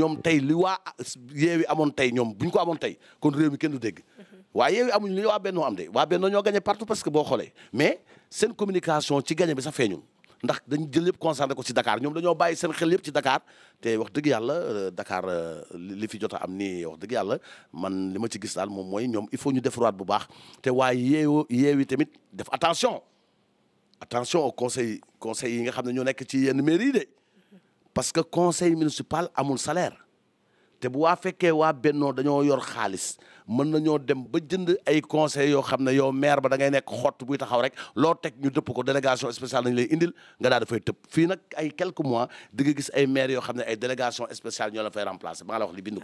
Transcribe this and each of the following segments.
ñoom tey li waa yeewi amoon tey ñoom bu ñu ko amoon tey kon réew mi kenn du dégg waaye yeewi amuñu li waa bennoo am de waa bennoo ñoo gagné partout parce que boo xoolee mais seen communication ci gagné bi sax feeñul ndax dañ jël yëpp concentré ko ci dakaar ñoom dañoo bàyyi seen xel yëpp ci Dakar te wax dëgg yàlla euh, dakaar euh, li fi jot a am ni wax dëgg yàlla man li ma ci gis daal moom mooy ñoom il faut ñu def defaraat bu baax te waaye yeewu yeewi tamit def attention attention au conseil yi nga xam ne ñoo nekk ci yenn mairie de. parce que conseil municipal amul salaire te bu waa fekkee waa bennoo dañoo yor xaalis mën na ñoo dem ba jënd ay conseil yoo xam ne yow maire ba da ngay nekk xott buy taxaw rek loo teg ñu dëpp ko délégation spéciale dañu lay indil nga daal dafay tëb fii nag ay quelques mois di nga gis ay maire yoo xam ne ay délégation spéciale ñoo la fay remplacer ba nga la wax li bindu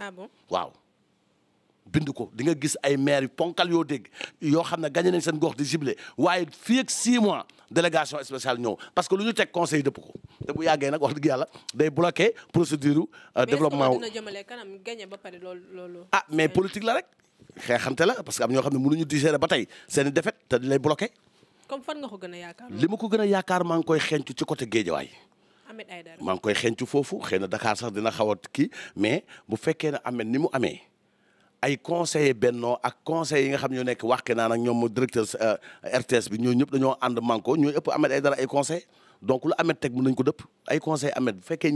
ko ah waaw bind ko di nga gis ay maire yu ponkal yoo dégg yoo xam ne gagné nañ seen gox di ciblé waaye fii ak 6 mois délégation spéciale ñëw parce que lu ñu teg conseil dëpp ko te bu yàggee nag wax dëgg yàlla day bloqué procédure euh, développement dina jëmale kanam gagné ba pare loolu loolu ah, mais politique la rek xeexante la parce que am ñoo xam ne mënuñu digérer ba tey seen i te di lay bloqué comme fan nga ko gën a yaakaar li ma ko gën a yaakaar maa ngi koy xencu ci côté géejawaay Ahmed Aïdara maa ngi koy xencu foofu xëy na Dakar sax dina xaw a kii mais bu fekkee ne Ahmed ni mu amee ay conseillers bennoo ak conseillers yi nga xam ñoo nekk waxke naa nag ñoom directeur euh, RTS bi ñoo ñëpp dañoo ànd manko ñoo ëpp Ahmed Aïdara ay conseil donc lu Ahmed teg mën nañ ko dëpp ay conseil Ahmed bu fekkee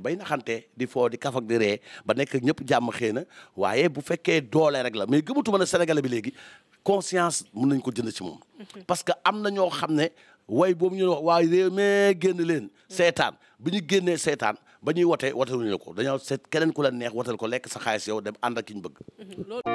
bay naxante di foo di kaf di ree ba nekk ñëpp jàmm xëy waaye bu fekkee doole rek la mais gëmatuma ne Sénégalais bi léegi conscience mën nañ ko jënd ci moom mm-hmm. parce que am na ñoo xam ne way boobu ñu wax waaye réew mee génn leen seetaan bu ñu génnee seetaan ba ñuy wote wotewuñu la ko dañoo seet keneen ku la neex wotal ko lekk sa xaalis yow dem ànd ak ki bëgg mm-hmm.